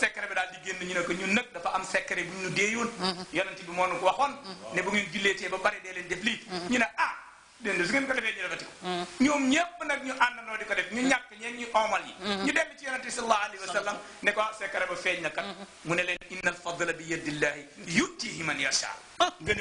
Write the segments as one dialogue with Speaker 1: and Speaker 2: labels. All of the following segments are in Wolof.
Speaker 1: secret bi daal di génn ñu ko ñun nag dafa am secret bu ñu déeyoon mm-hmm. yonent bi moo waxoon mm-hmm. ne bu ngeen julleetee ba bari dee leen def lii mm-hmm. ñu ne ah dén d su ngeen ko defee ñu defati ko ñoom ko ah, ñu dem bi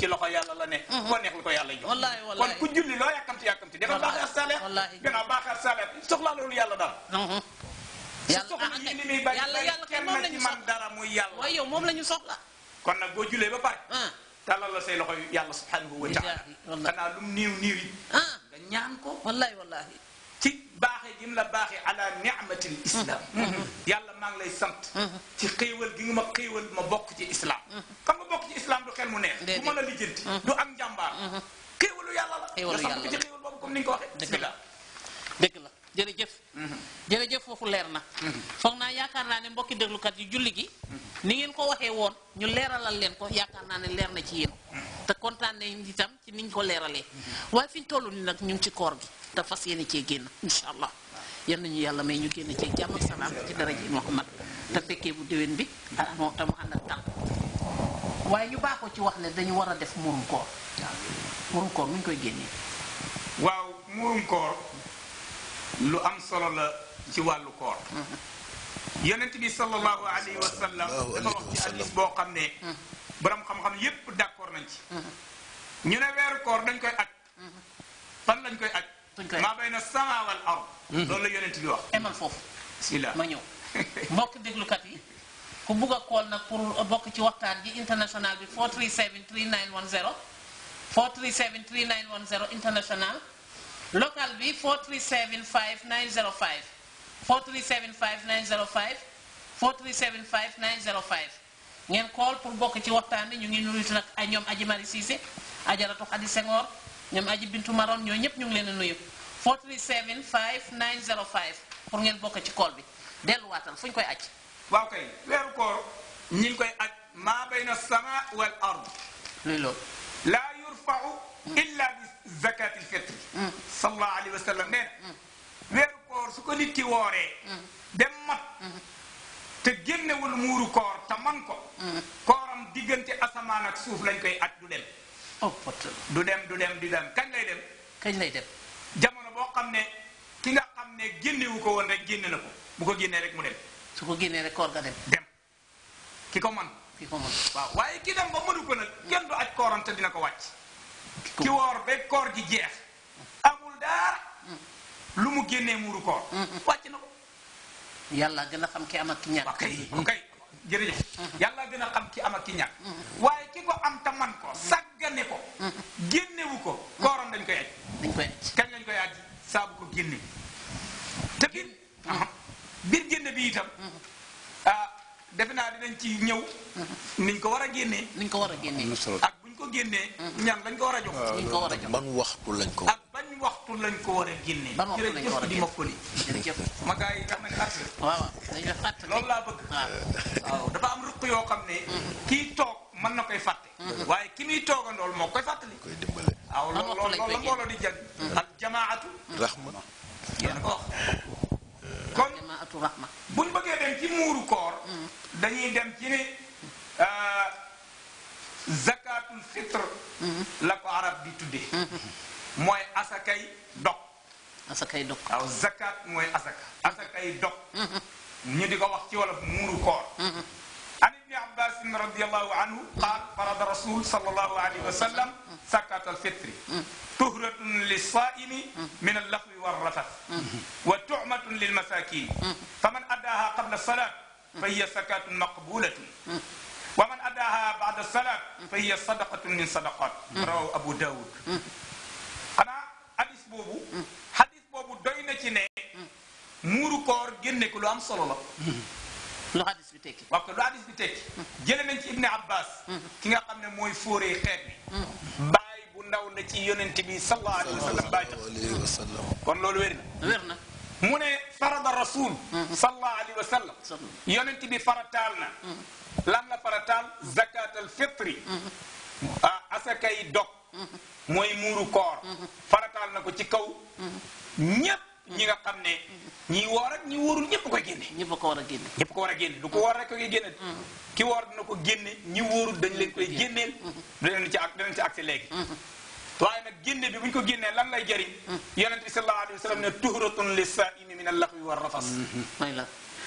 Speaker 1: ci loxo yàlla la ne koo la ko yàlla jox yàlla ah kay yàlla yàlla kay moom la ñu soxla waaye
Speaker 2: yow moom la ñu soxla.
Speaker 1: kon nag boo julee ba pare. Ah. tàllal la say loxo yàlla subhanahu wa taala. xanaa lum niiw niiw yi. Ah. nga ñaan ko. wallahi wallahi ci baaxee gi mu la baaxee ala ni'matil islam. Mm-hmm. Mm-hmm. yàlla maa ngi lay sant. Mm-hmm. ci xéewal gi nga ma xéewal ma bokk ci islam. xam nga bokk ci islam du xel mu neex. du mën a lijjanti. du am njàmbaar. xéewalu yàlla la. xéewalu yàlla la nga sant ci xéewal boobu comme ni nga ko waxee. dëgg la dëgg la jërëjëf foofu leer na mhm. foog naa
Speaker 2: yaakaar naa ne mbokki kat yu julli gi mhm. ni ngeen ko waxe won ñu leralal leen ko yaakaar naa ne leer na ci yeen mhm. te contane ñi tam ci niñ ko leralé waaye fiñ tollu ni nak ñu ci koor gi te fas yene ci genn inshallah allah ñu yalla may ñu genn ci jamm ak ci dara Muhammad te fekke bu deewen bi mo tam ànd ak tal ñu baako ci wax ne dañu wara def murum koor murum koor nuñ koy genné
Speaker 1: waaw murum koor lu am solo la ci wàllu koor yonent bi sallallahu alayhi wa sallam dafa wax ci hadis boo xam ne hmm. borom xam-xam yépp d'accord nañ ci hmm. ñu ne weeru koor dañ koy aj hmm. fan lañ koy aj maa bayna sama wal ard loolu la yonent bi wax emal foofu bismillah ma ñëw
Speaker 2: mbokk déglukat yi ku bugg a kool nag pour bokk ci waxtaan bi international bi 437 3910 437 3910 international local bi 4375905 4375905 4375905 ngeen call pour bokk ci waxtaan bi ñu ngi nuyu nag ay ñoom aji mari Cissé ajaratu Xadi Senghor ñoom aji bintu ma maron ñoo ñëpp ñu ngi leen a nuyu 4375905 pour ngeen bokk ci call bi delluwaatal fu ñu
Speaker 1: koy aj waaw kay weeru koor koy aj maa bayna sama wal ard luy loolu laa yurfau illa bi zakatil fitri sallallahu alayhi wa sallam nee weeru koor su ko nit ki wooree dem mat te génnewul muuru koor te man ko kooram diggante asamaan suuf lañ koy at du dem oh, uh, du dem du dem du dem kañ lay dem kañ lay dem jamono boo xam ne ki nga xam ne génnewu ko woon rek génne na ko bu ko génnee rek mu dem
Speaker 2: su ko génnee rek koor ga dem
Speaker 1: dem ki ko man ki ko man waaw waaye ki dem ba mënu ko nag kenn du aj kooram te dina ko wàcc ki woor be koor gi jeex amul daara lu mu génnee muuru koor wàcc na ko yàlla gën a xam ki am ak ki ñàkk ok ok jërëjëf yàlla gën a xam ki am ak ki ñàkk waaye ki ko am te man ko sàggane ko génnewu ko kooram dañ koy aj dañ koy kañ lañ koy aj saabu ko génne te biir biir génne bi itam ah, defe naa dinañ ci ñëw mhm. niñ ko war a génnee niñ ko war a génnee ak génnee ñan lañ ko wara jox ñu ko wara jox ban waxtu lañ ko ak ban waxtu lañ ko wara a ban waxtu lañ ko wara di mokkoli jërëjëf ma gaay yi tax nañ att waaw dañ la xat loolu la bëgg waaw dafa am rukk yo xamné mm-hmm. ki tok man na koy fàtte mm-hmm. waye ki muy toogandool mo koy fàttali koy dimbalé aw loolu loolu la mbolo di jàng mm-hmm. ak jamaatu rahma yéen ko kon jamaatu rahma buñ bëggé dem ci muru koor dañuy dem ci ni fitre la ko arab di tuddee mooy asakay dog asakay dog waaw zakat mooy asaka asakay dog ñu di ko wax ci wolof muuru koor an ibni abbasin radiallahu anhu qaal farada rasul salallahu alayhi wa sallam zakat al fitri tuhratun lisaimi min allahwi warrafat wa tu'matun lilmasakin faman addaha qabla salat fahiya zakatun maqbulatun ومن أداها بعد الصلاة فهي صدقة من صدقات رواه أبو داود أنا حديث بوبو حديث بوبو دوينة كيني مورو كور جنة كلو أم صلى الله لو حديث بتكي وقت لو حديث بتكي جنة من ابن عباس كيني أقام نموي فوري خيبي باي بو ناو نتي يونن تبي صلى الله عليه وسلم باي صلى الله عليه وسلم كون لول ويرنا ويرنا mu ne farada rasul sallallahu alayhi wa sallam yonent bi farataal na lan la farataal zakat al fitri asakay dog mooy muuru koor farataal na ko ci kaw ñépp ñi nga xam ne ñi woor ak ñi wóorul ñëpp koy ñëpp ko war a génne ñëpp ko war a génne lu ko woor rek koy génne mm. ki woor dina ko génne ñi wóorul dañ leen koy mm-hmm. génneel mm-hmm. danañ ci ak danañ ci agsi léegi mm-hmm. waaye nag génne bi buñ ko génnee lan lay jëriñ hmm. yonente bi sallallahu alayhi wa sallam ne tuhuratun li saimi min allaxwi wa rafas
Speaker 2: hmm.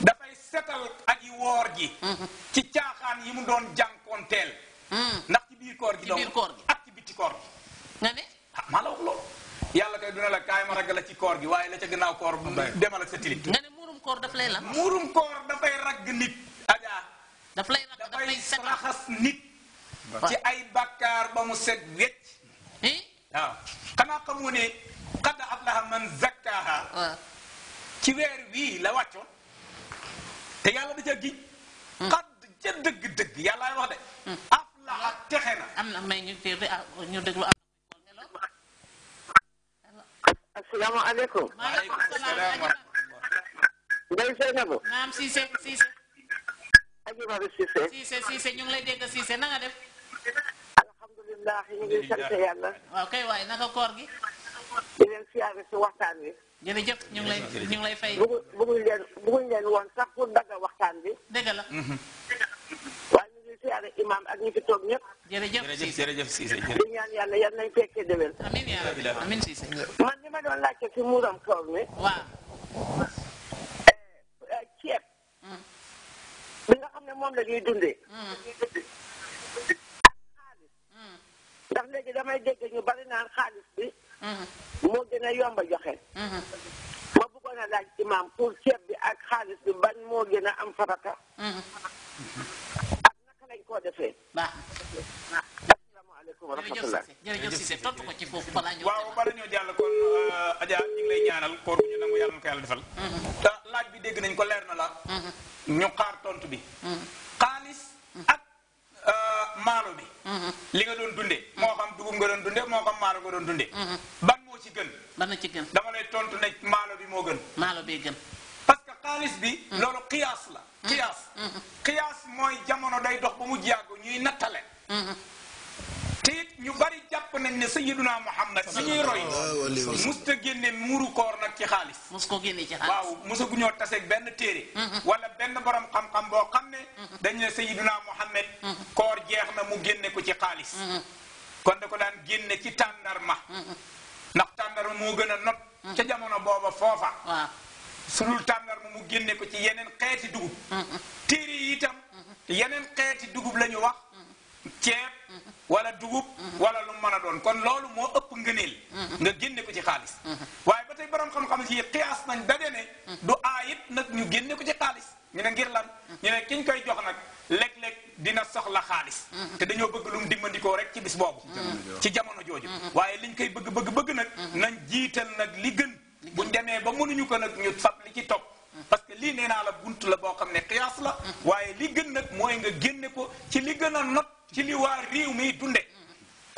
Speaker 2: dafay
Speaker 1: setal aji woor gi. Hmm. ci caaxaan yi mu doon jànkoonteel ndax ci biir koor gi ak ci bitti koor gi nga ne ah maa la wax loolu yàlla kay duna la kaay ma ragal ci koor gi waaye la ca gannaaw koor demal ak sa tilim nga ne
Speaker 2: murum koor daf lay lan murum koor dafay
Speaker 1: ragg nit ajaa daf lay ragg dafay raxas nit ci ay bakkaar ba mu set wecc waaw xanaa xamoo ne qad man zakkaaha ci weer wii la wàccoon te yàlla da ca giñ hmm. qad ca dëgg-dëgg yàllaay wax de hmm. aflaha texe am na may ñu déglu ah, ñu déglu am
Speaker 2: na asalaamaaleykum maaleykum salaam Ndeye Seynabou naam Cissé Cissé Aji Mari Cissé Cissé Cissé ñu ngi lay dégg Cissé na nga def
Speaker 1: baax ñu ngi sant yàlla.
Speaker 2: waaw kay waaye a koor gi. di leen siyaare si waxtaan bi. jërëjëf ñu ngi lay ñu ngi lay fay. bëggu bëgguñ leen woon sax pour dagg waxtaan bi. dëgg la. Mhm. waaye ñu ngi siyaare imaam ak ñi fi toog ñëpp. jërëjëf
Speaker 1: jërëjëf jërëjëf Cissé jërëjëf. di
Speaker 2: ñaan yàlla yal nañ fekkee déwén. amiin
Speaker 1: yaa rabbi amiin Cissé.
Speaker 2: man li ma doon laajte si muuram koor mi. waaw. Eh, eh, ceeb. Mm. bi nga xam ne moom la ñuy dundee. Mm. damay dégg ñu bari naan xaalis bi. Mhm. moo gën a yomb a joxe. Mhm. ma bëggoon a laaj imaam pour ceeb bi ak xaalis bi ban moo gën a am farata. Mhm.
Speaker 1: ak naka lañ koo defee. baax na. asalaamaaleykum ko ci foofu balaa ñëw. waaw bala ñoo jàll kon euh, Adja ñu ngi lay ñaanal koor bu ñu nangu yàlla na ko yàlla defal. laaj bi dégg nañ ko leer na la. ñu xaar tontu bi. li nga doon dundee mm. moo xam dugub nga doon dundee moo xam maalo nga doon dundee mm-hmm. ban moo ci gën ban ci gën dama lay tontu ne maalo bi moo gën maalo bee gën parce que xaalis bi mm. loolu xiyaas la mm-hmm. xiyaas mm-hmm. xiyaas mooy jamono day dox ba mu jàggu ñuy nattale te ñu bari jàpp nañ ne sayyiduna muhammad li ñuy roy mus ta génne muuru koor nag ci xaalis mus ko génne ci xaalis waaw musaguñoo taseeg benn téere wala benn borom xam-xam boo Muhammad koor jeex na mu génne ko ci xaalis kon da ko daan génne ci tàndarma ndax tàndarma moo gën a not ca jamono booba foofa su dul tàndarma mu génne ko ci yeneen xeeti dugub téere yi itam yeneen xeeti dugub la wax ceeb wala dugub wala lu mën a doon kon loolu moo ëpp ngëneel nga génne ko ci xaalis waaye ba tey borom xam-xam yi xiyaas nañ daje ne du aayit nag ñu génne ko ci xaalis ñu ne ngir lan ñu ne kiñ koy jox nag léeg-léeg dina soxla xaalis mm-hmm. te dañoo bëgg lu mu dimbandikoo rek ci bis boobu mm-hmm. ci jamono jooju mm-hmm. waaye liñ koy bëgg bëgg bëgg nag nañ jiital nag li gën buñ demee ba mënuñu ko nag ñu fab li ci topp parce que lii nee naa la bunt la boo xam ne xiyaas la waaye li gën nag mooy nga génne ko ci li gën a not ci li waa réew mi dunde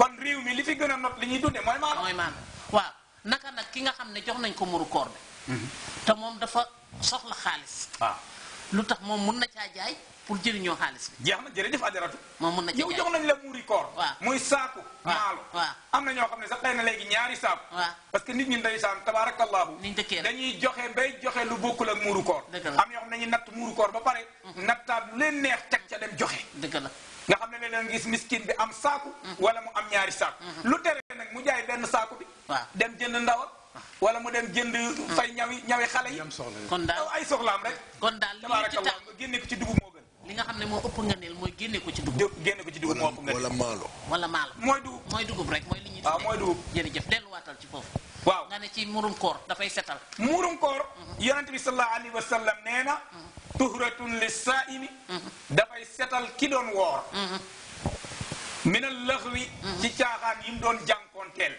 Speaker 1: kon réew mi li fi gën a not li ñuy dunde mooy maanaam mooy maanaam waaw naka nag ki nga
Speaker 2: xam ne jox nañ ko muru koor bi te moom dafa soxla xaalis waaw ah. lu tax moom mun na caa jaay
Speaker 1: pour jëriñoo xaalis bi. jeex na jërëjëf ajaratu. moom mun na caa jox nañ la muuri koor. waaw muy saaku. maalo am na ñoo xam ne sax xëy na léegi ñaari saaku. waaw parce que nit ñi ndeysaan tabaarakallaahu. niñ dëkkee dañuy joxe bay joxe lu bokkul ak muuru koor. am yoo xam ne dañuy natt muuru koor ba pare. Mm-hmm. nattaat lu leen neex teg ca dem joxe. dëgg la nga xam ne leen leen gis miskin bi am saaku. Mm-hmm. wala mu am ñaari saaku. Mm-hmm. lu tere nag mu jaay benn saaku bi. dem jënd ndawa wala mu dem jënd fay ñawi ñawi xale yi kon daal ay soxlaam rek kon daal li ci tax génne ko ci dugub moo gën li nga xam ne moo ëpp nga neel mooy génne ko ci dugub génne ko ci dugub moo ëpp nga wala mooy dugub mooy dugub rek mooy li ñuy waaw ah, mooy dugub jërëjëf delluwaatal ci foofu waaw nga ne ci murum koor dafay setal murum koor yonent bi sallallahu alayhi wa sallam nee na tuhratun li saaimi mhm. dafay setal ki doon woor mhm. minal laxwi mhm. ci caaxaan yi mu doon jànkoonteel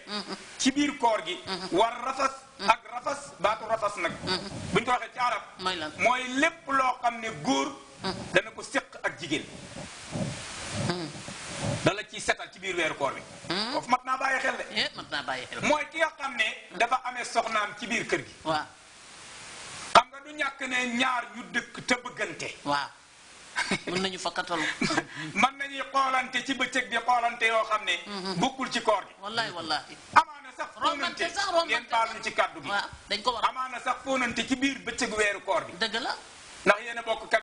Speaker 1: ci biir koor gi mhm. war rafas mhm. ak rafas baatu rafas nag mhm. buñ ko waxee ci arab mooy lépp loo xam ne góor dana ko séq ak jigéen dala ciy setal ci biir weeru koor bi foofu mat naa bàyyi xel de eh, mooy ki nga xam ne dafa amee soxnaam ci biir kër gi waaw xam nga du ñàkk ne ñaar ñu dëkk te bëggante waaw mën nañu fakkatal mën nañuy xoolante ci bëccëg bi xoolante yoo xam ne bokkul ci koor gi wallaay wallaay fóonante ngeen baal ñu ci kàddu gi. dañ ko war amaana sax fóonante ci biir bëccëgu weeru koor bi. dëgg la ndax yéen a bokk